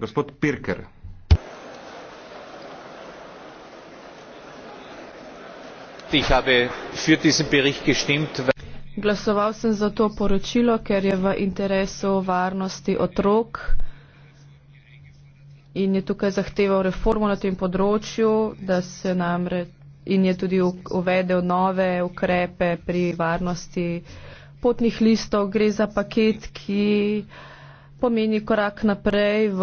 Gospod Pirker. Glasoval sem za to poročilo, ker je v interesu varnosti otrok in je tukaj zahteval reformo na tem področju re... in je tudi uvedel nove ukrepe pri varnosti potnih listov. Gre za paket, ki pomeni korak naprej v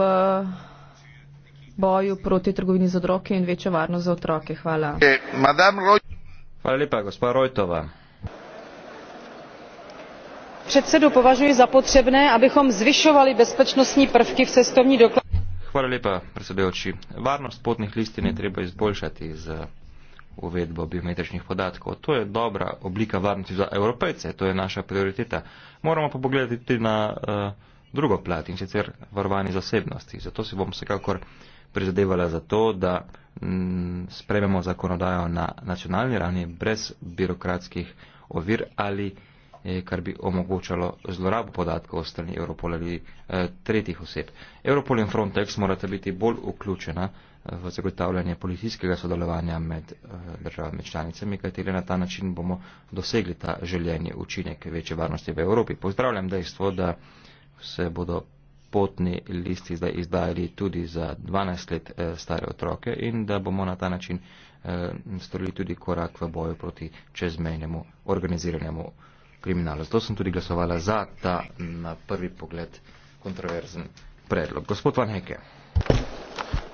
boju proti trgovini za droge in večjo varnost za otroke. Hvala. Hvala lepa, gospod Rojtova. Predsedu považuji za potrebné, abychom zvyšovali bezpečnostní prvky v cestovní doklad. Hvala lepa, predsedujoči. Varnost potnih listin je treba izboljšati z uvedbo biometričnih podatkov. To je dobra oblika varnosti za evropejce, to je naša prioriteta. Moramo pa pogledati tudi na uh, drugo plat in sicer varovanje zasebnosti. Zato si bom vsekakor prizadevala za to, da mm, sprememo zakonodajo na nacionalni ravni brez birokratskih ovir ali eh, kar bi omogočalo zlorabo podatkov o strani Europola ali eh, tretjih oseb. Europol in Frontex morata biti bolj vključena v zagotavljanje policijskega sodelovanja med eh, državami članicami, kateri na ta način bomo dosegli ta željeni učinek večje varnosti v Evropi. Pozdravljam dejstvo, da se bodo potni listi zdaj izdajali tudi za 12 let eh, stare otroke in da bomo na ta način eh, storili tudi korak v boju proti čezmejnemu organiziranemu kriminalu. Zato sem tudi glasovala za ta na prvi pogled kontroverzen predlog. Gospod Van Heke.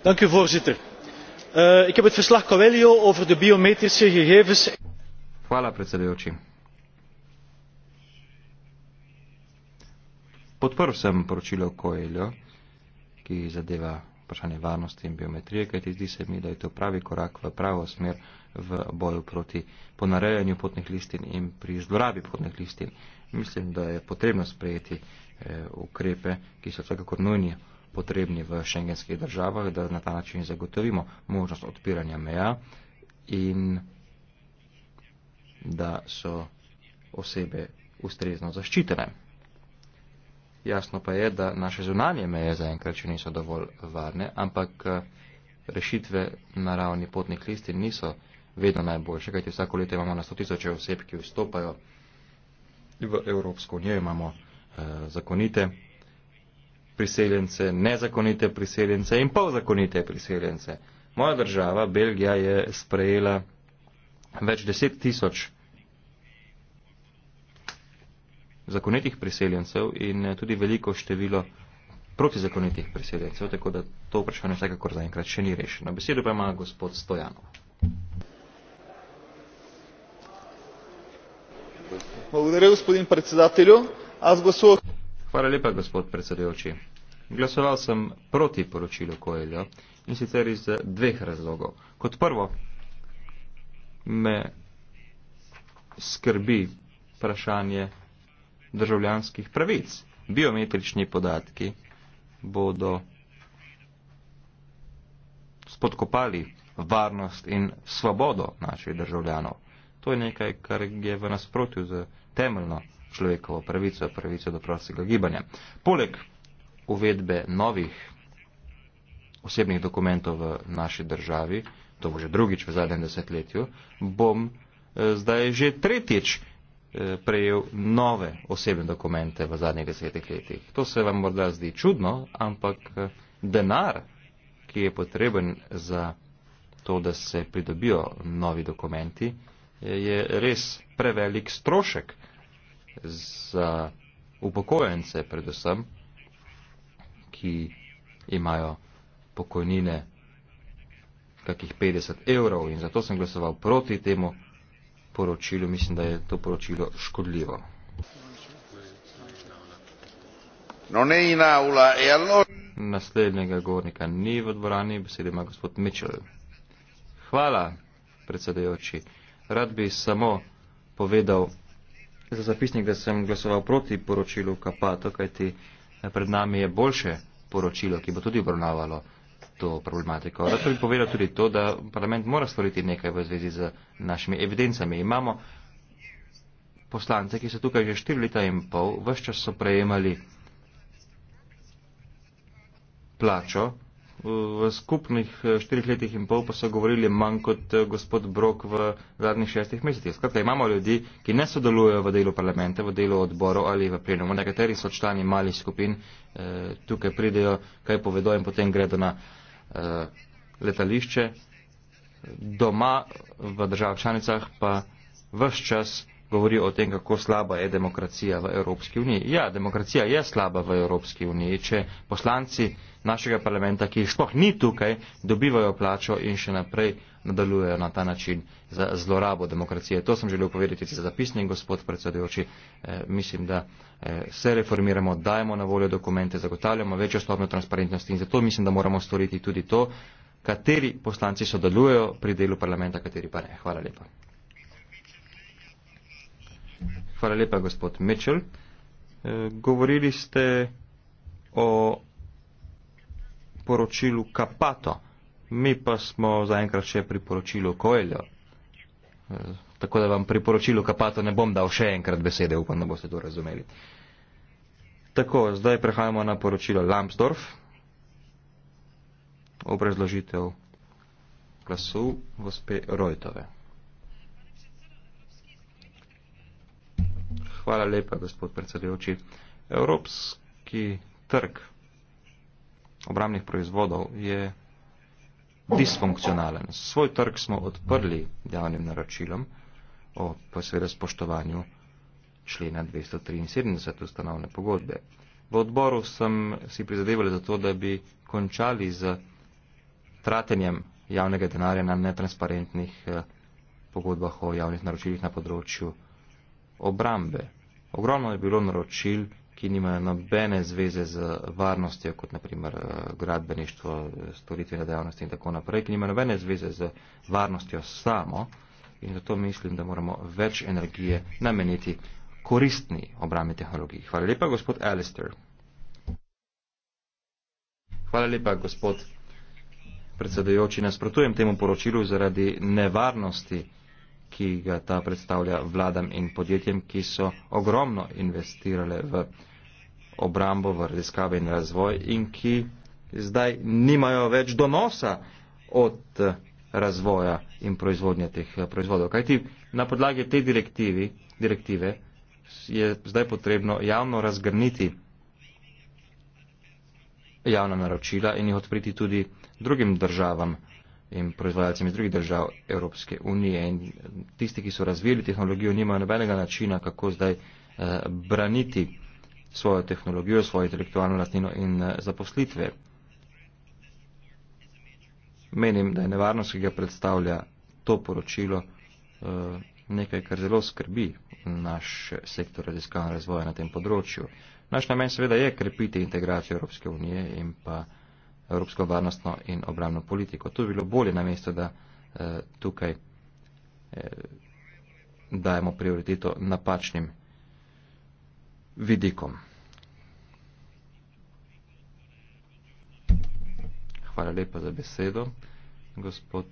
Dank u voorzitter. Uh, ik heb het verslag Coelho over de biometrische gegevens. Hvala predsedujoči. podprl sem poročilo Koeljo, ki zadeva vprašanje varnosti in biometrije, kajti zdi se mi, da je to pravi korak v pravo smer v boju proti ponarejanju potnih listin in pri zlorabi potnih listin. Mislim, da je potrebno sprejeti eh, ukrepe, ki so vsekakor nujni potrebni v šengenskih državah, da na ta način zagotovimo možnost odpiranja meja in da so osebe ustrezno zaščitene. Jasno pa je, da naše zunanje meje zaenkrat še niso dovolj varne, ampak eh, rešitve na ravni potnih listin niso vedno najboljše, kajti vsako leto imamo na 100 tisoče oseb, ki vstopajo v Evropsko unijo, imamo eh, zakonite priseljence, nezakonite priseljence in polzakonite priseljence. Moja država, Belgija, je sprejela več deset tisoč. zakonitih priseljencev in eh, tudi veliko število protizakonitih priseljencev, tako da to vprašanje vsekakor zaenkrat še ni rešeno. Besedo pa ima gospod Stojanov. Hvala, gospodin predsedatelju. Glasoval... Hvala lepa, gospod predsedujoči. Glasoval sem proti poročilu Koeljo in sicer iz eh, dveh razlogov. Kot prvo, me skrbi vprašanje državljanskih pravic. Biometrični podatki bodo spodkopali varnost in svobodo naših državljanov. To je nekaj, kar je v nasprotju z temeljno človekovo pravico, pravico do prostega gibanja. Poleg uvedbe novih osebnih dokumentov v naši državi, to bo že drugič v zadnjem desetletju, bom eh, zdaj že tretjič prejel nove osebne dokumente v zadnjih desetih letih. To se vam morda zdi čudno, ampak denar, ki je potreben za to, da se pridobijo novi dokumenti, je res prevelik strošek za upokojence predvsem, ki imajo pokojnine kakih 50 evrov in zato sem glasoval proti temu poročilu, mislim, da je to poročilo škodljivo. Non è in aula, e allora... Naslednjega govornika ni v dvorani, besede ima gospod Mitchell. Hvala, predsedajoči. Rad bi samo povedal za zapisnik, da sem glasoval proti poročilu Kapato, kajti pred nami je boljše poročilo, ki bo tudi obravnavalo to problematiko. Rad bi povedal tudi to, da parlament mora storiti nekaj v zvezi z našimi evidencami. Imamo poslance, ki so tukaj že 4 leta in pol, vse čas so prejemali plačo, v skupnih 4 eh, letih in pol pa so govorili manj kot eh, gospod Brok v zadnjih 6 mesecih. Skratka, imamo ljudi, ki ne sodelujejo v delu parlamenta, v delu odborov ali v plenumu. Nekateri so člani malih skupin, eh, tukaj pridejo, kaj povedo in potem gredo na Eh, letališče, doma v državah članicah pa vse čas govori o tem, kako slaba je demokracija v Evropski uniji. Ja, demokracija je slaba v Evropski uniji, če poslanci našega parlamenta, ki jih sploh ni tukaj, dobivajo plačo in še naprej nadaljujejo na ta način za zlorabo demokracije. To sem želel povedati za zapisnik, gospod predsedujoči. E, mislim, da e, se reformiramo, dajemo na voljo dokumente, zagotavljamo večjo stopnjo transparentnosti in zato mislim, da moramo storiti tudi to, kateri poslanci sodelujejo pri delu parlamenta, kateri pa ne. Hvala lepa. Hvala lepa, gospod Mitchell. E, govorili ste o poročilu Kapato, mi pa smo zaenkrat še pri poročilu Koeljo. E, eh, tako da vam pri poročilu Kapato ne bom dal še enkrat besede, upam, da boste to razumeli. Tako, zdaj prehajamo na poročilo Lambsdorff. Obrazložitev glasu gospe Rojtove. Hvala lepa, gospod predsedujoči. Evropski trg obramnih proizvodov je disfunkcionalen. Svoj trg smo odprli javnim naročilom o posebe spoštovanju člena 273 ustanovne pogodbe. V odboru sem si prizadevali za to, da bi končali z tratenjem javnega denarja na netransparentnih eh, pogodbah o javnih naročilih na področju obrambe. Ogromno je bilo naročil, ki nimajo nobene zveze z varnostjo, kot naprimer eh, gradbeništvo, storitvene dejavnosti in tako naprej, ki nimajo nobene zveze z varnostjo samo in zato mislim, da moramo več energije nameniti koristni obrambi tehnologiji. Hvala lepa, gospod Alistair. Hvala lepa, gospod predsedujoči. Nasprotujem temu poročilu zaradi nevarnosti ki ga ta predstavlja vladam in podjetjem, ki so ogromno investirale v obrambo, v raziskave in razvoj in ki zdaj nimajo več donosa od eh, razvoja in proizvodnje teh eh, proizvodov. Kajti na podlagi te direktive je zdaj potrebno javno razgrniti javna naročila in jih odpriti tudi drugim državam in proizvajalcem iz drugih držav Evropske unije. In tisti, ki so razvijali tehnologijo, nimajo nobenega načina, kako zdaj eh, braniti svojo tehnologijo, svojo intelektualno lastnino in eh, zaposlitve. Menim, da je nevarnost, ki ga predstavlja to poročilo, eh, nekaj, kar zelo skrbi naš sektor raziskav in razvoja na tem področju. Naš namen seveda je krepiti integracijo Evropske unije in pa evropsko varnostno in obramno politiko. To bi bilo bolje na mesto, da eh, tukaj eh, dajemo prioriteto napačnim vidikom. Hvala lepa za besedo, gospod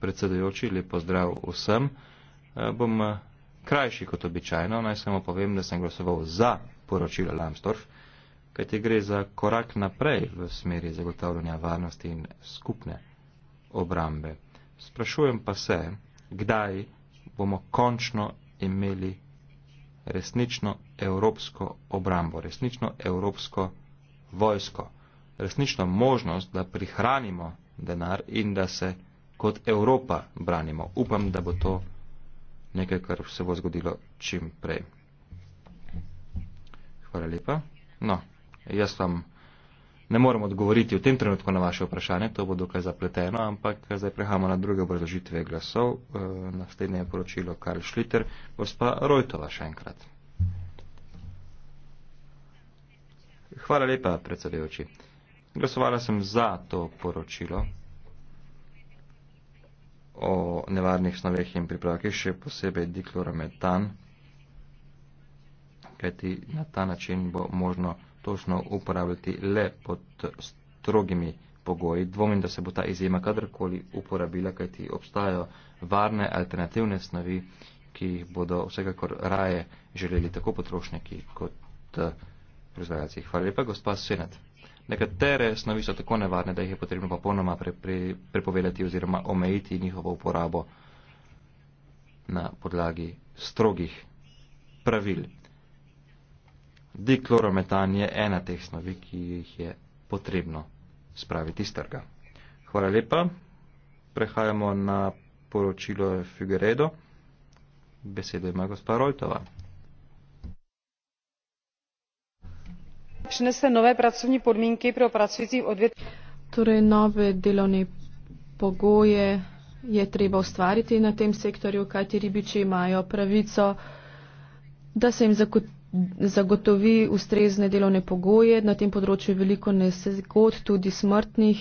predsedojoči, lepo zdrav vsem. Eh, bom eh, krajši kot običajno, naj samo povem, da sem glasoval za poročilo Lambsdorff kajti gre za korak naprej v smeri zagotavljanja varnosti in skupne obrambe. Sprašujem pa se, kdaj bomo končno imeli resnično evropsko obrambo, resnično evropsko vojsko, resnično možnost, da prihranimo denar in da se kot Evropa branimo. Upam, da bo to nekaj, kar se bo zgodilo čim prej. Hvala lepa. No jaz vam ne morem odgovoriti v tem trenutku na vaše vprašanje, to bo dokaj zapleteno, ampak zdaj prehajamo na druge obrazložitve glasov. Eh, naslednje je poročilo Karl Schlitter, gospa Rojtova še enkrat. Hvala lepa, predsedujoči. Glasovala sem za to poročilo o nevarnih snoveh in pripravkih, še posebej diklorometan, kajti na ta način bo možno točno uporabljati le pod strogimi pogoji. Dvomim, da se bo ta izjema kadarkoli uporabila, kajti obstajajo varne alternativne snovi, ki jih bodo vsekakor raje želeli tako potrošniki kot eh, proizvajalci. Hvala lepa, gospa Senet. Nekatere snovi so tako nevarne, da jih je potrebno popolnoma pre, pre, prepovedati oziroma omejiti njihovo uporabo na podlagi strogih pravil diklorometan je ena teh snovi, ki jih je potrebno spraviti iz trga. Hvala lepa. Prehajamo na poročilo Figueredo. Besedo ima gospa Rojtova. Prinesle nove pracovne podmínky pro pracujúcich odvet. Torej nove delovne pogoje je treba ustvariti na tem sektorju, kajti ribiči imajo pravico, da se jim zakotovi zagotovi ustrezne delovne pogoje, na tem področju je veliko nesegod, tudi smrtnih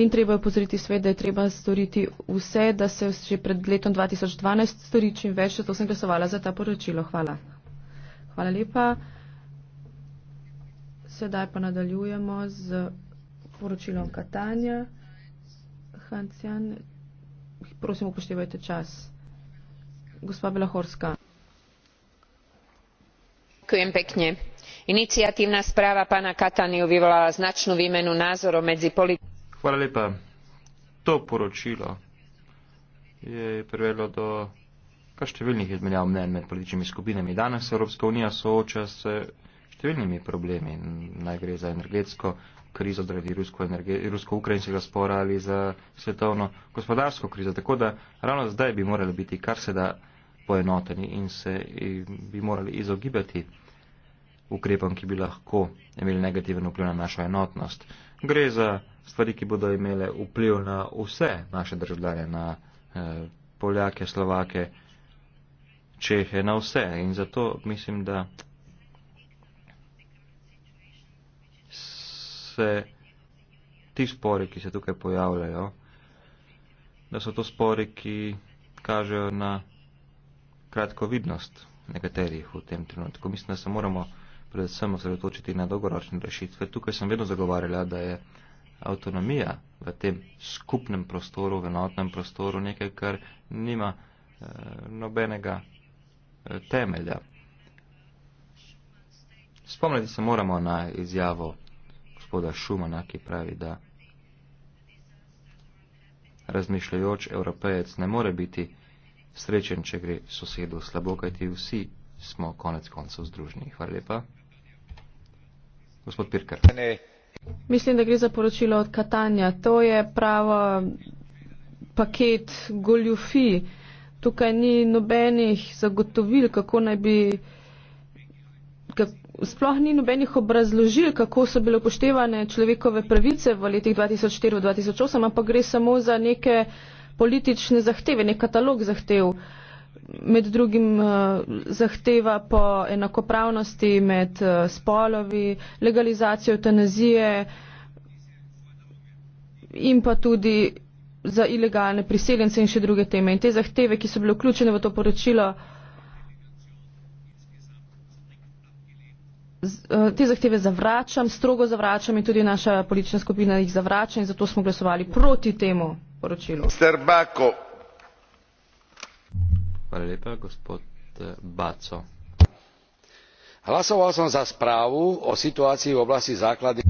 in treba je opozoriti svet, da je treba storiti vse, da se že pred letom 2012 stori čim več, zato sem glasovala za ta poročilo. Hvala. Hvala lepa. Sedaj pa nadaljujemo z poročilom Katanja. Hancjan, prosim upoštevajte čas. Gospa Belahorska iniciatívna správa pána catanyho vyvolala značnú výmenu názorov medzi politikmi številnimi problemi. Najgre za energetsko krizo zaradi rusko-ukrajinskega spora ali za svetovno gospodarsko krizo. Tako da ravno zdaj bi morali biti kar se da poenoteni in se bi morali izogibati ukrepom, ki bi lahko imeli negativen vpliv na našo enotnost. Gre za stvari, ki bodo imele vpliv na vse naše državljane, na eh, Poljake, Slovake, Čehe, na vse. In zato mislim, da se ti spori, ki se tukaj pojavljajo, da so to spori, ki kažejo na kratkovidnost nekaterih v tem trenutku. Mislim, da se moramo predvsem osredotočiti na dolgoročne rešitve. Tukaj sem vedno zagovarjala, da je avtonomija v tem skupnem prostoru, v enotnem prostoru nekaj, kar nima eh, nobenega eh, temelja. Spomniti se moramo na izjavo gospoda Šumana, ki pravi, da razmišljajoč evropejec ne more biti srečen, če gre sosedu slabo, kajti vsi smo konec koncev združni. Hvala lepa. Gospod Pirker. Mislim, da gre za poročilo od Katanja. To je pravo paket goljufi. Tukaj ni nobenih zagotovil, kako naj bi. Sploh ni nobenih obrazložil, kako so bile upoštevane človekove pravice v letih 2004-2008, ampak gre samo za neke politične zahteve, nek katalog zahtev. Med drugim eh, zahteva po enakopravnosti med eh, spolovi, legalizacijo eutanazije in pa tudi za ilegalne priseljence in še druge teme. In te zahteve, ki so bile vključene v to poročilo, eh, te zahteve zavračam, strogo zavračam in tudi naša politična skupina jih zavrača in zato smo glasovali proti temu poročilu. Eh, Hlasoval sem za spravu o situaciji v oblasti základy.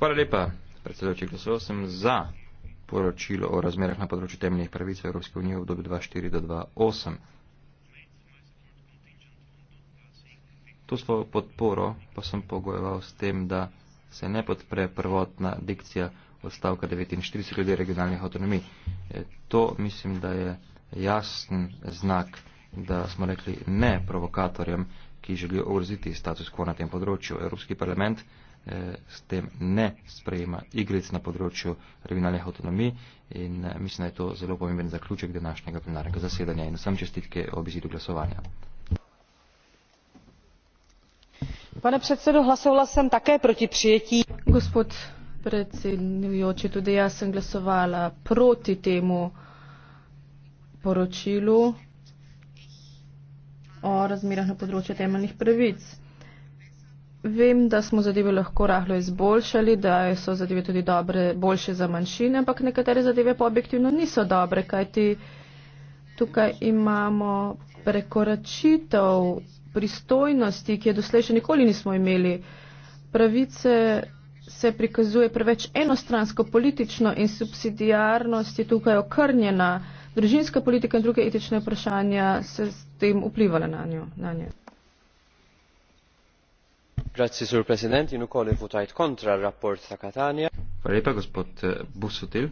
Hvala lepa, predsedujoči, glasoval sem za poročilo o razmerah na področju temeljnih pravic v Evropske unije v obdobju 2004 do 2008. To svojo podporo pa sem pogojeval s tem, da se ne podpre prvotna dikcija odstavka 49 glede regionalnih autonomij. E, to mislim, da je jasen znak, da smo rekli ne provokatorjem, ki želijo ogroziti status quo na tem področju. Evropski parlament e, s tem ne sprejema igric na področju regionalnih autonomij in e, mislim, da je to zelo pomemben zaključek današnjega plenarnega zasedanja in vsem čestitke o obizidu glasovanja. Pane predsedo, hlasovala sem také proti prijetju. Gospod predsednjujoči, tudi jaz sem glasovala proti temu poročilu o razmerah na področju temeljnih pravic. Vem, da smo zadeve lahko rahlo izboljšali, da so zadeve tudi dobre, boljše za manjšine, ampak nekatere zadeve pa objektivno niso dobre, kajti tukaj imamo prekoračitev pristojnosti, ki je doslej še nikoli nismo imeli. Pravice se prikazuje preveč enostransko politično in subsidijarnost je tukaj okrnjena. Družinska politika in druge etične vprašanja se s tem vplivale na njo. Na njo. Hvala lepa, gospod eh, Busutil.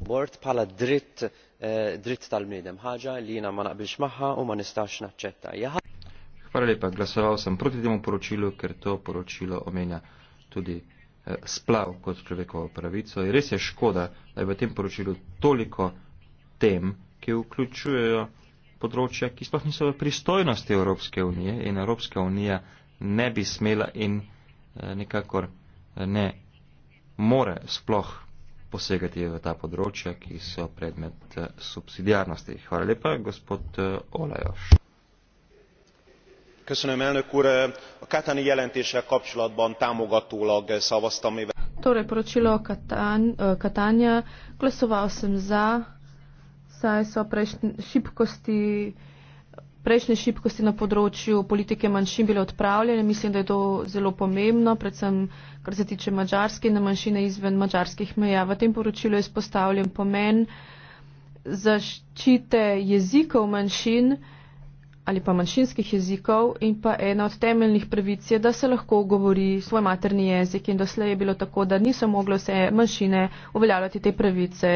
Bort pala dritt, eh, dritt talmidem hađa, lina mana bišmaha, umanistaš na četa. Jaha. Hvala lepa, glasoval sem proti temu poročilu, ker to poročilo omenja tudi eh, splav kot človekovo pravico. In res je škoda, da je v tem poročilu toliko tem, ki vključujejo področja, ki sploh niso v pristojnosti Evropske unije in Evropska unija ne bi smela in eh, nekakor eh, ne more sploh posegati v ta področja, ki so predmet subsidijarnosti. Hvala lepa, gospod Olajoš a katani jelentéssel kapcsolatban támogatólag szavaztam mivel torej, prejšnje šibkosti na področju politike manjšin bile odpravljene. Mislim, da je to zelo pomembno, predvsem kar se tiče mačarske in manjšine izven mačarskih meja. V tem poročilu je izpostavljen pomen zaščite jezikov manjšin, ali pa manjšinskih jezikov in pa ena od temeljnih pravic je, da se lahko govori svoj materni jezik in doslej je bilo tako, da niso mogli vse manjšine uveljavljati te pravice.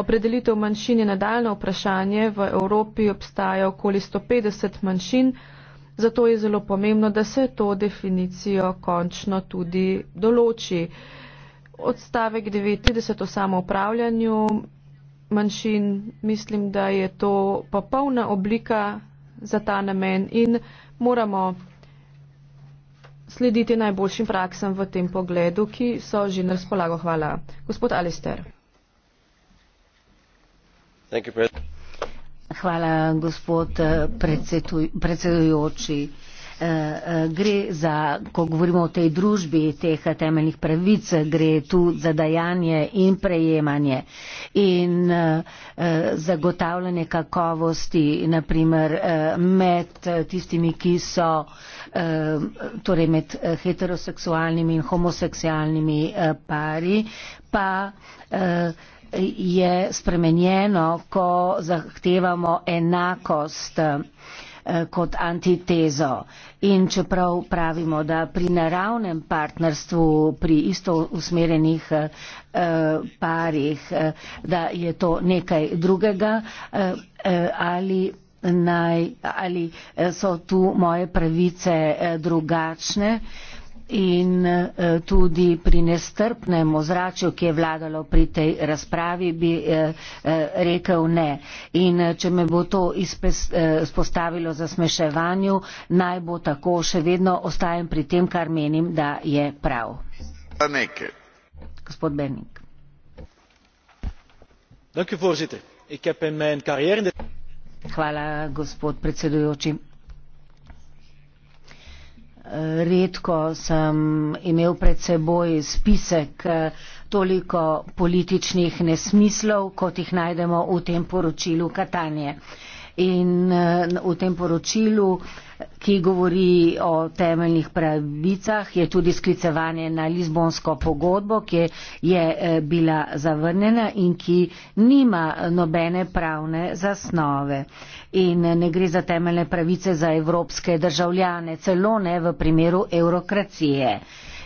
Opredelitev manjšin je nadaljno vprašanje. V Evropi obstaja okoli 150 manjšin, zato je zelo pomembno, da se to definicijo končno tudi določi. Odstavek 39 o samoupravljanju manjšin, mislim, da je to popolna oblika za ta namen in moramo slediti najboljšim praksam v tem pogledu, ki so že na razpolago. Hvala. Gospod Alister. Hvala, gospod predsedujoči. Eh, eh, gre za, ko govorimo o tej družbi, teh temeljnih pravic, gre tu za dajanje in prejemanje in eh, zagotavljanje kakovosti, naprimer med tistimi, ki so, torej med heteroseksualnimi in homoseksualnimi pari, pa je spremenjeno, ko zahtevamo enakost eh, kot antitezo. In čeprav pravimo, da pri naravnem partnerstvu, pri isto usmerenih eh, parih, eh, da je to nekaj drugega, ali, naj, ali so tu moje pravice drugačne in eh, tudi pri nestrpnem ozračju, ki je vladalo pri tej razpravi, bi eh, eh, rekel ne. In če me bo to izpostavilo za smeševanju, naj bo tako, še vedno ostajem pri tem, kar menim, da je prav. Gospod Benning. Hvala, gospod predsedujoči redko sem imel pred seboj spisek eh, toliko političnih nesmislov, kot jih najdemo v tem poročilu Katanje in eh, v tem poročilu, ki govori o temeljnih pravicah, je tudi sklicevanje na Lizbonsko pogodbo, ki je eh, bila zavrnjena in ki nima nobene pravne zasnove. In eh, ne gre za temeljne pravice za evropske državljane, celo ne v primeru eurokracije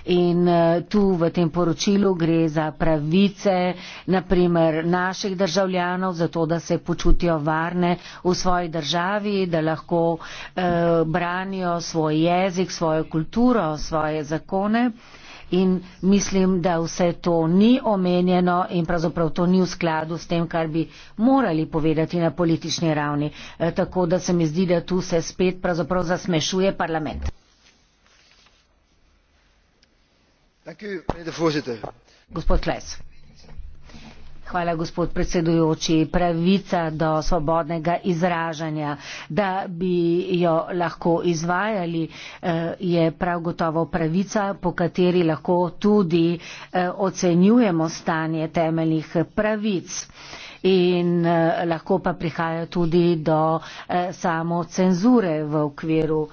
in eh, tu v tem poročilu gre za pravice naprimer naših državljanov, zato da se počutijo varne v svoji državi, da lahko eh, branijo svoj jezik, svojo kulturo, svoje zakone. In mislim, da vse to ni omenjeno in pravzaprav to ni v skladu s tem, kar bi morali povedati na politični ravni. E, tako da se mi zdi, da tu se spet pravzaprav zasmešuje parlament. pravica do svobodnega izražanja da bi jo lahko izvajali eh, je prav gotovo pravica po kateri lahko tudi eh, ocenjujemo stanje temeljnih pravic in eh, lahko pa prihaja tudi do samocenzure v okviru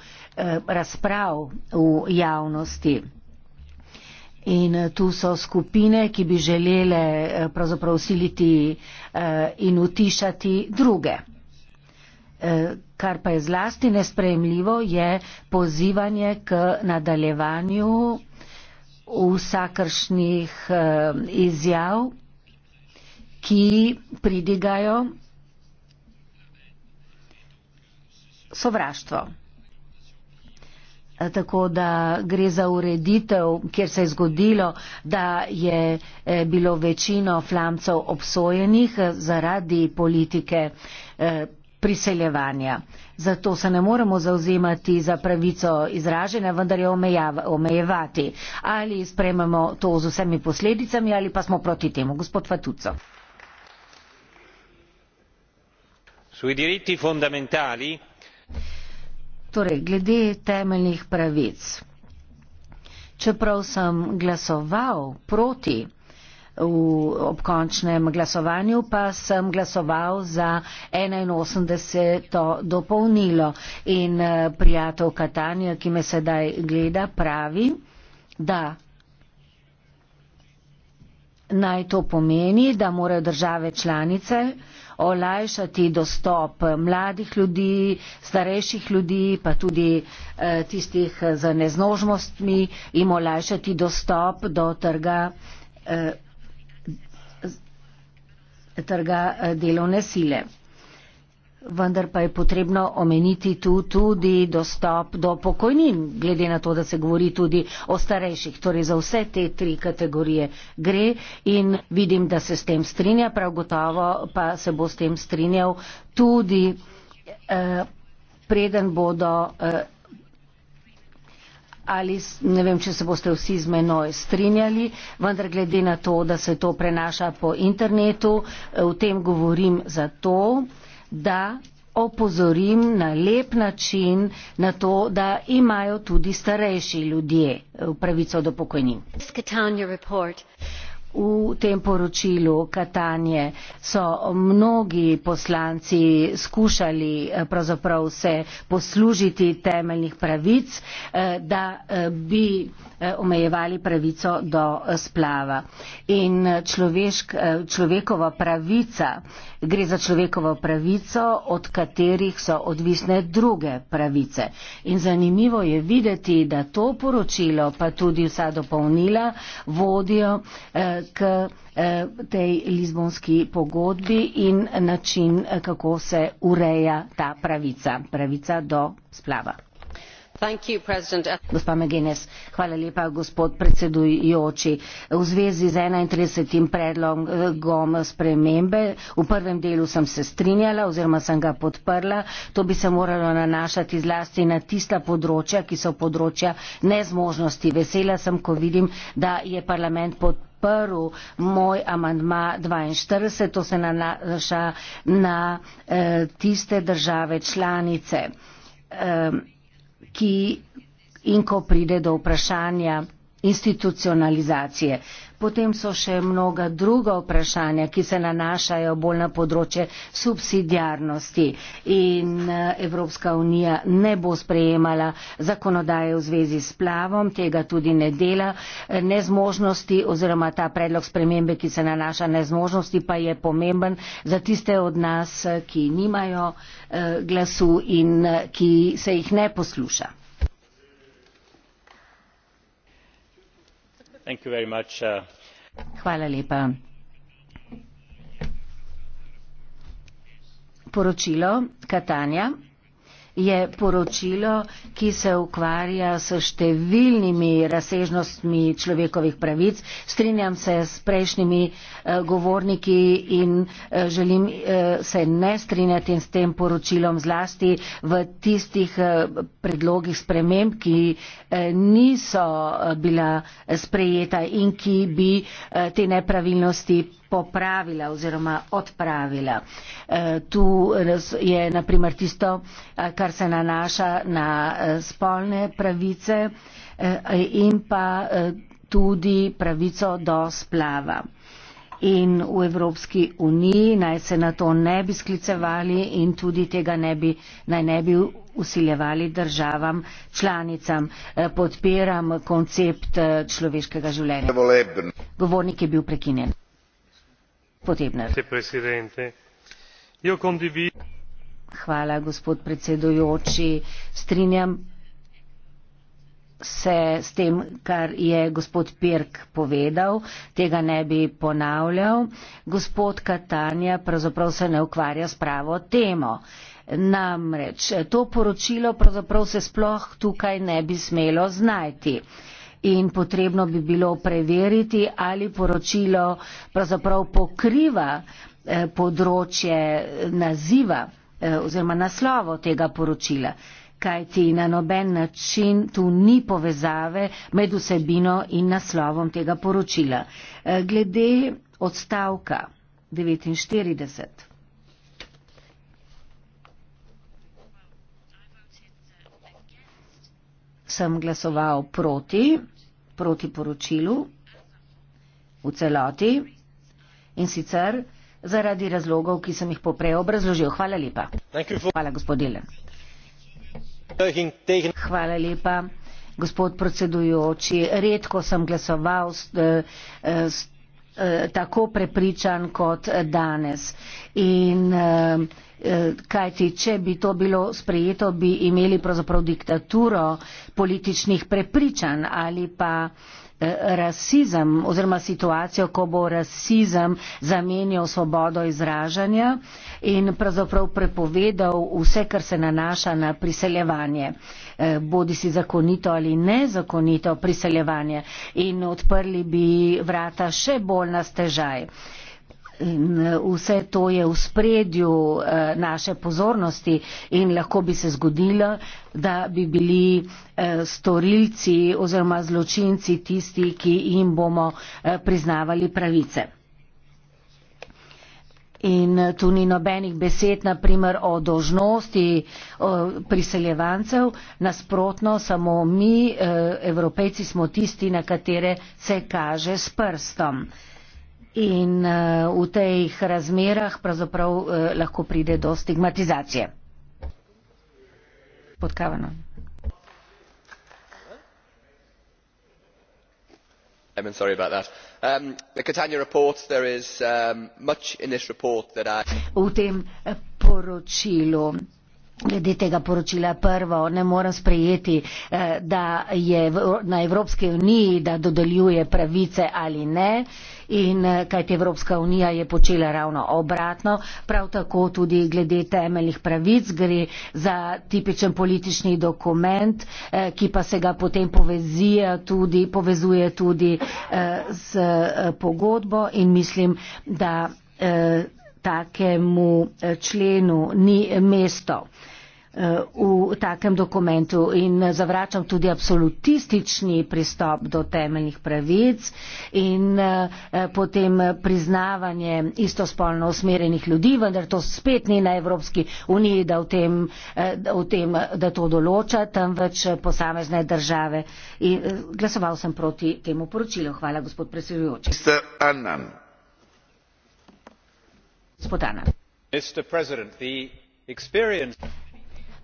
razprav v javnosti. In eh, tu so skupine, ki bi želele eh, pravzaprav usiliti eh, in utišati druge. Kar pa je zlasti nespremljivo, je pozivanje k nadaljevanju vsakršnih izjav, ki pridigajo sovraštvo. Tako da gre za ureditev, kjer se je zgodilo, da je eh, bilo večino flamcev obsojenih eh, zaradi politike eh, priseljevanja. Zato se ne moremo zauzemati za pravico izražene, vendar je omejevati. Ali sprememo to z vsemi posledicami ali pa smo proti temu. Gospod Fatuco. Sui diritti fondamentali torej glede temeljnih pravic. Čeprav sem glasoval proti v obkončnem glasovanju, pa sem glasoval za 81. dopolnilo in eh, prijatelj Katanja, ki me sedaj gleda, pravi, da naj to pomeni, da morajo države članice olajšati dostop mladih ljudi, starejših ljudi, pa tudi eh, tistih z neznožnostmi, jim olajšati dostop do trga, eh, trga eh, delovne sile. Vendar pa je potrebno omeniti tu tudi dostop do pokojnin, glede na to, da se govori tudi o starejših. Torej za vse te tri kategorije gre in vidim, da se s tem strinja, prav gotovo pa se bo s tem strinjal tudi eh, preden bodo. Eh, ali ne vem, če se boste vsi z menoj strinjali, vendar glede na to, da se to prenaša po internetu, v eh, tem govorim zato, da opozorim na lep način na to, da imajo tudi starejši ljudje eh, pravico do pokojnin. V tem poročilu Katanje so mnogi poslanci skušali eh, se poslužiti temeljnih pravic, eh, da bi omejevali pravico do splava. In človeška, človekova pravica Gre za človekovo pravico, od katerih so odvisne druge pravice. In zanimivo je videti, da to poročilo, pa tudi vsa dopolnila, vodijo eh, k eh, tej Lizbonski pogodbi in način, eh, kako se ureja ta pravica, pravica do splava v zvezi z enaintrideset predlogom spremembe v prvem delu sem se strinjala oziroma sem ga podprla to bi se moralo nanašati zlasti na tista področja ki so področja nezmožnosti vesela sem ko vidim da je parlament pod prvi moj amandma dvainštirideset to se nanaša na eh, tiste države članice eh, ki in ko pride do vprašanja institucionalizacije. Potem so še mnoga druga vprašanja, ki se nanašajo bolj na področje subsidijarnosti in eh, Evropska unija ne bo sprejemala zakonodaje v zvezi s plavom, tega tudi ne dela, eh, nezmožnosti oziroma ta predlog spremembe, ki se nanaša nezmožnosti, pa je pomemben za tiste od nas, eh, ki nimajo glasu in ki se jih ne posluša. Uh, poročilo catania je bilo pozitivno je poročilo, ki se ukvarja s številnimi razsežnostmi človekovih pravic. Strinjam se s prejšnjimi eh, govorniki in eh, želim eh, se ne strinjati s tem poročilom zlasti v tistih eh, predlogih sprememb, ki eh, niso eh, bila eh, sprejeta in ki bi eh, te nepravilnosti popravila oziroma odpravila. E, tu je naprimer tisto, e, kar se nanaša na e, spolne pravice in pa tudi pravico do splava. In v Evropski uniji naj se na to ne bi sklicevali in tudi tega ne bi, naj ne bi usiljevali državam članicam. Podpiram koncept človeškega življenja. Govornik je bil prekinjen strinjam se s tem kar je gospod pirk povedal tega ne bi ponavljal gospod katanja pravzaprav se ne ukvarja s pravo temo namreč to poročilo pravzaprav se sploh tukaj ne bi smelo znajti in potrebno bi bilo preveriti, ali poročilo pravzaprav pokriva eh, področje eh, naziva eh, oziroma naslovo tega poročila, kajti na noben način tu ni povezave med vsebino in naslovom tega poročila. Glede odstavka 49. Sem glasoval proti proti poročilu v celoti in sicer zaradi razlogov, ki sem jih poprej obrazložil. Hvala lepa. Hvala, gospod Dilen. Hvala lepa, gospod predsedujoči. Redko sem glasoval s, eh, eh, s, eh, tako prepričan kot danes. In, kajti če bi to bilo sprejeto, bi imeli pravzaprav diktaturo političnih prepričanj ali pa eh, rasizem oziroma situacijo, ko bo rasizem zamenjal svobodo izražanja in pravzaprav prepovedal vse, kar se nanaša na priseljevanje, eh, bodi si zakonito ali nezakonito priseljevanje in odprli bi vrata še bolj na stežaj. In eh, vse to je v spredju eh, naše pozornosti in lahko bi se zgodilo, da bi bili eh, storilci oziroma zločinci tisti, ki jim bomo priznavali pravice. In tu ni nobenih besed, naprimer, o dožnosti o priseljevancev, nasprotno, samo mi, evropejci, smo tisti, na katere se kaže s prstom in uh, v teh razmerah pravzaprav uh, lahko pride do stigmatizacije. Podkavano. I'm sorry about that. Um, the Catania report, there is um, much in this report that I... U tem eh, poročilu glede tega poročila prvo, ne morem sprejeti, eh, da je na Evropske uniji, da dodeljuje pravice ali ne in eh, kajti Evropska unija je počela ravno obratno, prav tako tudi glede temeljnih pravic gre za tipičen politični dokument, eh, ki pa se ga potem tudi, povezuje tudi z pogodbo in mislim, da takemu eh, členu ni mesto eh, v takem dokumentu in eh, zavračam tudi absolutistični pristop do temeljnih pravic in potem priznavanje istospolno usmerjenih ljudi, vendar to spet ni na Evropski uniji, da, v tem, da, v tem, da to določa, temveč posamezne države. In glasoval sem proti temu poročilu. Hvala, gospod predsedujoči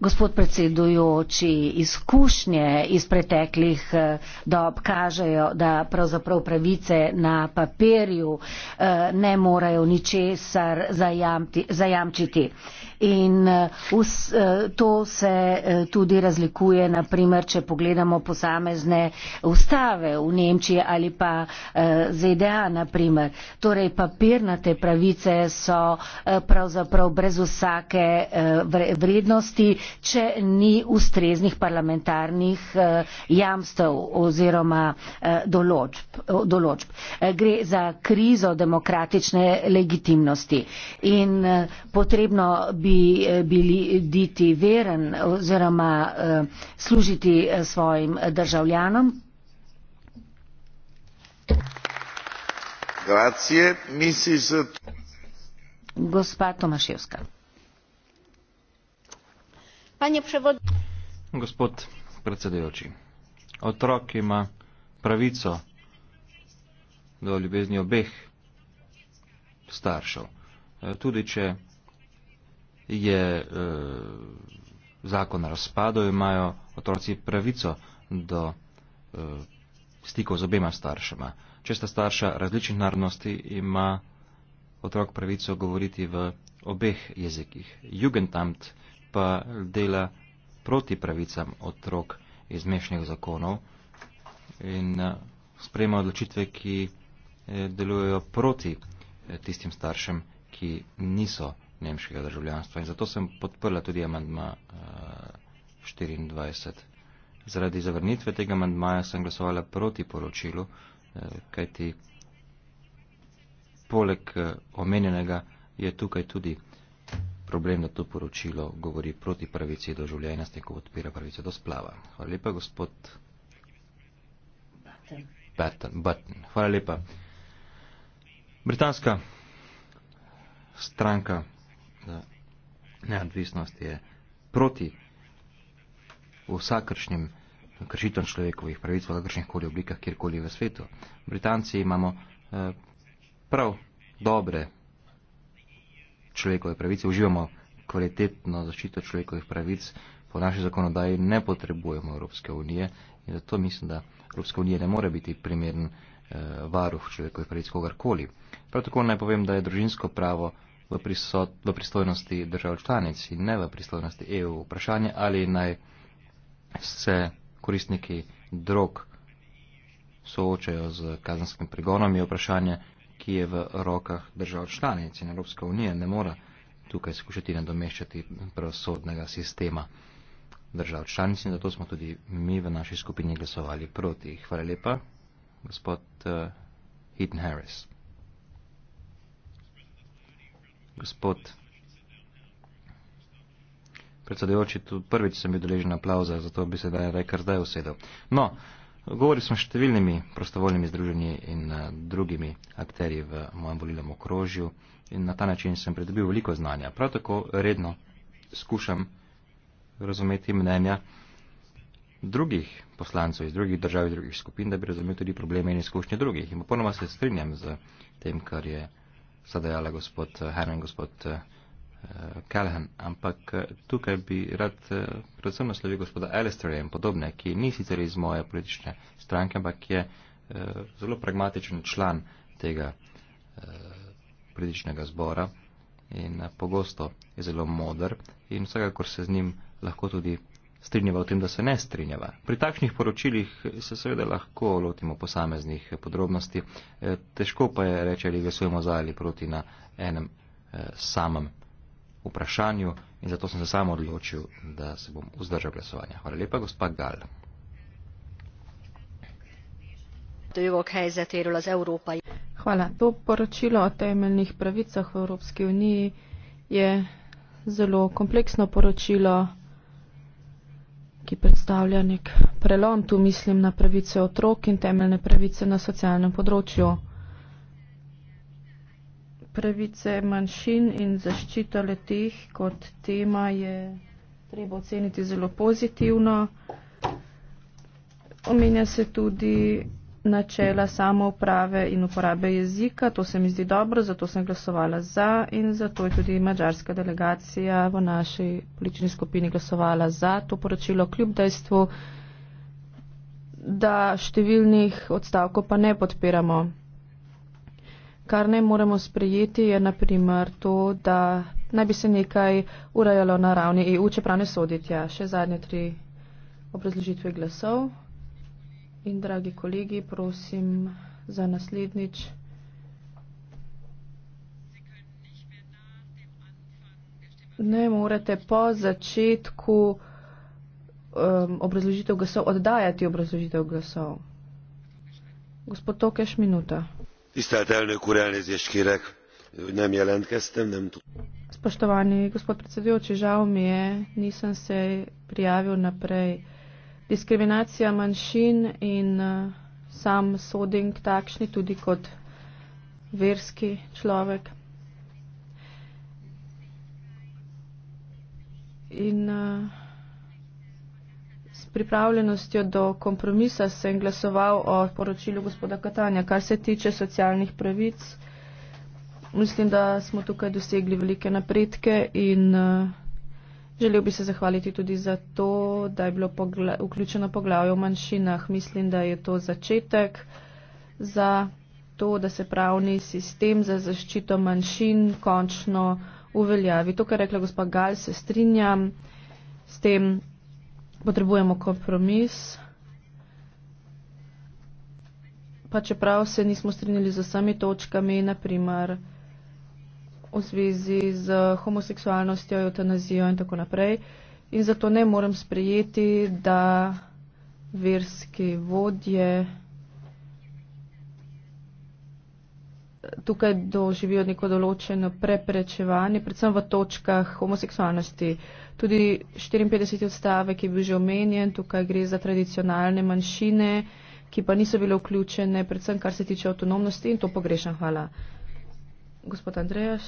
gospod predsedujoči izkušnje iz preteklih eh, dob kažejo da pravzaprav pravice na papirju eh, ne morejo ničesar zajamčiti in eh, vs, eh, to se eh, tudi razlikuje, naprimer, če pogledamo posamezne ustave v Nemčiji ali pa ZDA, naprimer. Torej, papirnate pravice so pravzaprav brez vsake vrednosti, če ni ustreznih parlamentarnih jamstev oziroma določb. določb. Gre za krizo demokratične legitimnosti in potrebno bi bi eh, bili diti veren oziroma eh, služiti eh, svojim državljanom. Grazie, Mrs. Gospa Tomaševska. Prevod... Gospod predsedujoči, otrok ima pravico do ljubezni obeh staršev. E, tudi če je e, zakon razpadel, imajo otroci pravico do e, stikov z obema staršema. Če sta starša različnih narodnosti, ima otrok pravico govoriti v obeh jezikih. Jugendamt pa dela proti pravicam otrok iz mešnih zakonov in e, sprejema odločitve, ki delujejo proti tistim staršem, ki niso nemškega državljanstva in zato sem podprla tudi amandma uh, eh, 24. Zaradi zavrnitve tega amandmaja sem glasovala proti poročilu, uh, kajti poleg uh, omenjenega je tukaj tudi problem, da to poročilo govori proti pravici do življenja, s tem, ko odpira pravico do splava. Hvala lepa, gospod. Button. Button. Hvala lepa. Britanska stranka da neodvisnost je proti vsakršnim kršitom človekovih pravic v kakršnih koli oblikah, kjerkoli v svetu. V Britanci imamo eh, prav dobre človekove pravice, uživamo kvalitetno zaščito človekovih pravic, po naši zakonodaji ne potrebujemo Evropske unije in zato mislim, da Evropska unija ne more biti primeren eh, varuh človekovih pravic kogarkoli. Prav tako naj povem, da je družinsko pravo v, prisot, v pristojnosti držav članic in ne v pristojnosti EU. Vprašanje, ali naj se koristniki drog soočajo z kazenskim pregonom, je vprašanje, ki je v rokah držav članic in Evropska unija ne mora tukaj skušati nadomeščati pravosodnega sistema držav članic in zato smo tudi mi v naši skupini glasovali proti. Hvala lepa, gospod uh, Heaton Harris gospod. Predsedujoči, prvič sem bil deležen aplauza, zato bi se da rekar zdaj usedel. No, govoril sem s številnimi prostovoljnimi združenji in eh, drugimi akterji v mojem volilnem okrožju in na ta način sem pridobil veliko znanja. Prav tako redno skušam razumeti mnenja drugih poslancev iz drugih držav in drugih skupin, da bi razumel tudi probleme in izkušnje drugih. In popolnoma se strinjam z tem, kar je sta dejala gospod eh, Herman in gospod Kelhen, eh, eh, ampak tukaj bi rad predvsem naslovil gospoda Alistaira in podobne, ki ni sicer iz moje politične stranke, ampak je zelo pragmatičen član tega političnega zbora in pogosto je zelo modr in vsekakor se z njim lahko tudi strinjava v tem, da se ne strinjava. Pri takšnih poročilih se seveda lahko lotimo posameznih podrobnosti, e, težko pa je reči, ali glasujemo za ali proti na enem e, samem vprašanju in zato sem se sam odločil, da se bom vzdržal glasovanja. Hvala lepa, gospa Gal. Hvala. To poročilo o temeljnih pravicah v Evropski uniji je zelo kompleksno poročilo ki predstavlja nek prelom, tu mislim na pravice otrok in temeljne pravice na socialnem področju. Pravice manjšin in zaščita letih kot tema je treba oceniti zelo pozitivno. Omenja se tudi načela samo uprave in uporabe jezika. To se mi zdi dobro, zato sem glasovala za in zato je tudi mađarska delegacija v naši politični skupini glasovala za to poročilo kljub dejstvu, da številnih odstavkov pa ne podpiramo. Kar ne moremo sprejeti je naprimer to, da naj bi se nekaj urajalo na ravni EU, čeprav ne soditja. Še zadnje tri obrazložitve glasov. In dragi kolegi, prosim za naslednjič. Ne morete po začetku um, obrazložitev glasov oddajati obrazložitev glasov. Gospod Tokeš, minuta. Tisztelt elnök úr, elnézést kérek, nem jelentkeztem, nem tudom. Spoštovani gospod predsedujoči, žal mi je, nisem se prijavil naprej diskriminacija manjšin in uh, sam sodim k takšni tudi kot verski človek. In uh, s pripravljenostjo do kompromisa sem glasoval o poročilu gospoda Katanja, kar se tiče socialnih pravic. Mislim, da smo tukaj dosegli velike napredke in uh, Želel bi se zahvaliti tudi za to, da je bilo pogla vključeno poglavje o manjšinah. Mislim, da je to začetek za to, da se pravni sistem za zaščito manjšin končno uveljavi. To, kar je rekla gospa Gal, se strinjam s tem. Potrebujemo kompromis. Pa čeprav se nismo strinjali z vsemi točkami, naprimer v zvezi z homoseksualnostjo, eutanazijo in tako naprej. In zato ne morem sprejeti, da verski vodje tukaj doživijo neko določeno preprečevanje, predvsem v točkah homoseksualnosti. Tudi 54. odstavek je bil že omenjen, tukaj gre za tradicionalne manjšine, ki pa niso bile vključene, predvsem kar se tiče avtonomnosti in to pogrešam. Hvala gospod andrejas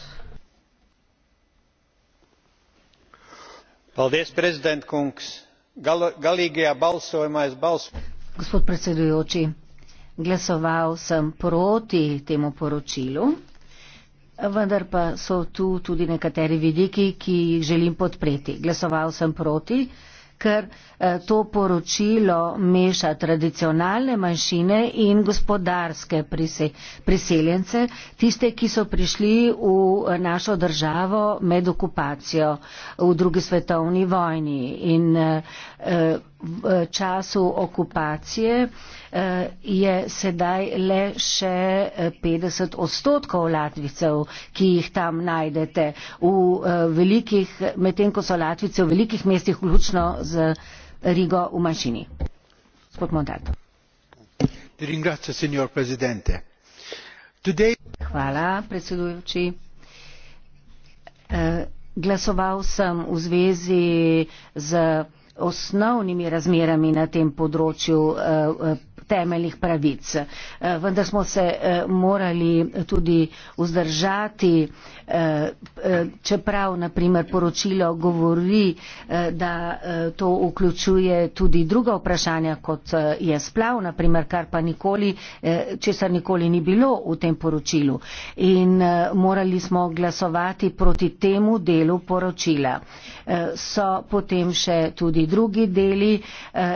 paldies prezident kungs galīgajā balsojumā es balso gospod predsedujoči glasoval sem proti temu poročilu vendar pa so tu tudi nekateri vidiki ki jih želim podpreti glasoval sem proti ker eh, to poročilo meša tradicionalne manjšine in gospodarske priseljence, tiste, ki so prišli v eh, našo državo med okupacijo v drugi svetovni vojni. In, eh, eh v eh, času okupacije eh, je sedaj le še 50 eh, odstotkov Latvicev, ki jih tam najdete, medtem ko so Latvice v velikih mestih, vključno z Rigo v manjšini. Gospod Montalto. Hvala, predsedujoči. Glasoval sem v zvezi z osnovnimi razmerami na tem področju eh, eh, temeljnih pravic. Eh, vendar smo se eh, morali tudi vzdržati, eh, čeprav naprimer poročilo govori, da to vključuje tudi druga vprašanja, kot je splav, naprimer, kar pa nikoli, česar nikoli ni bilo v tem poročilu. In morali smo glasovati proti temu delu poročila. So potem še tudi drugi deli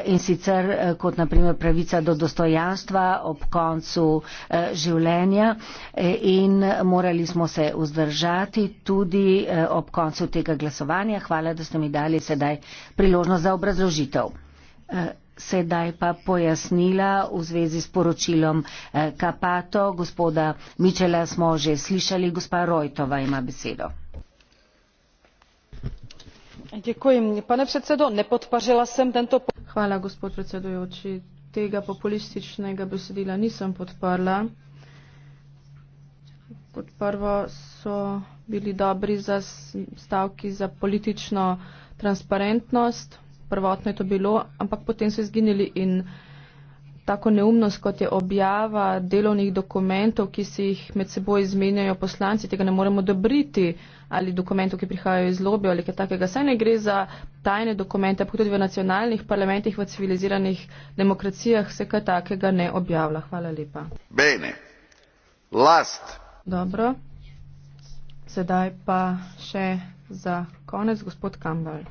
in sicer kot naprimer pravica do dostopnosti dostojanstva ob koncu eh, življenja eh, in morali smo se vzdržati tudi eh, ob koncu tega glasovanja. Hvala, da ste mi dali sedaj priložnost za obrazložitev. Sedaj pa pojasnila v zvezi s poročilom Kapato. Gospoda Mičela smo že slišali, gospa Rojtova ima besedo. Děkuji, pane předsedo, nepodpařila jsem tento... Hvala, gospod predsedujoči, tega populističnega besedila nisem podprla. Kot prvo so bili dobri za stavki za politično transparentnost, prvotno je to bilo, ampak potem so izginili in tako neumnost, kot je objava delovnih dokumentov, ki si jih med seboj izmenjajo poslanci, tega ne moremo dobriti ali dokumentov, ki prihajajo iz lobijo ali kaj takega. Saj ne gre za tajne dokumente, ampak tudi v nacionalnih parlamentih, v civiliziranih demokracijah se kaj takega ne objavlja. Hvala lepa. Bene. Last. Dobro. Sedaj pa še za konec gospod Kambal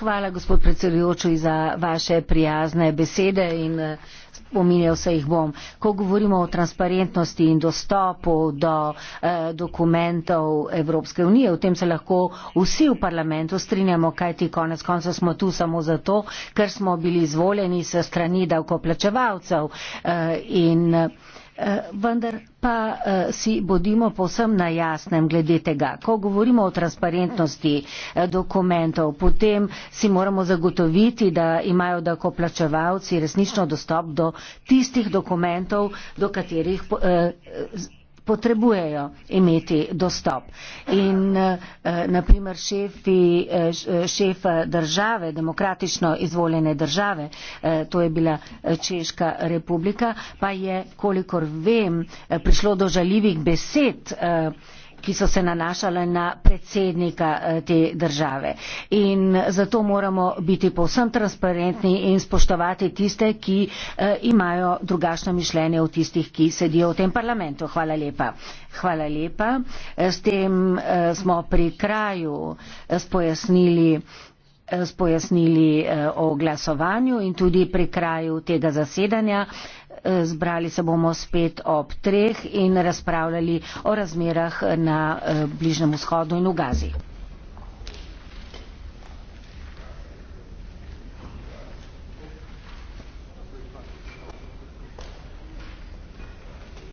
hvala gospod predsedujoči za vaše prijazne besede in eh, spominjal se jih bom. ko govorimo o transparentnosti in dostopu do eh, dokumentov evropske unije o tem se lahko vsi v parlamentu strinjamo kajti konec koncev smo tu samo zato ker smo bili izvoljeni s strani davkoplačevalcev eh, in Uh, Eh, vendar pa eh, si bodimo posem na jasnem glede tega. Ko govorimo o transparentnosti eh, dokumentov, potem si moramo zagotoviti, da imajo dokoplačevalci resnično dostop do tistih dokumentov, do katerih potrebujejo imeti dostop. In eh, naprimer šefi, eh, šef države, demokratično izvoljene države, eh, to je bila Češka republika, pa je, kolikor vem, prišlo do žaljivih besed ki so se nanašale na predsednika eh, te države. In zato moramo biti povsem transparentni in spoštovati tiste, ki eh, imajo drugačno mišljenje od tistih, ki sedijo v tem parlamentu. Hvala lepa. Hvala lepa. Eh, s tem smo pri kraju spojasnili spojasnili o glasovanju in tudi pri kraju tega zasedanja zbrali se bomo spet ob treh in razpravljali o razmerah na eh, Bližnem vzhodu in v Gazi.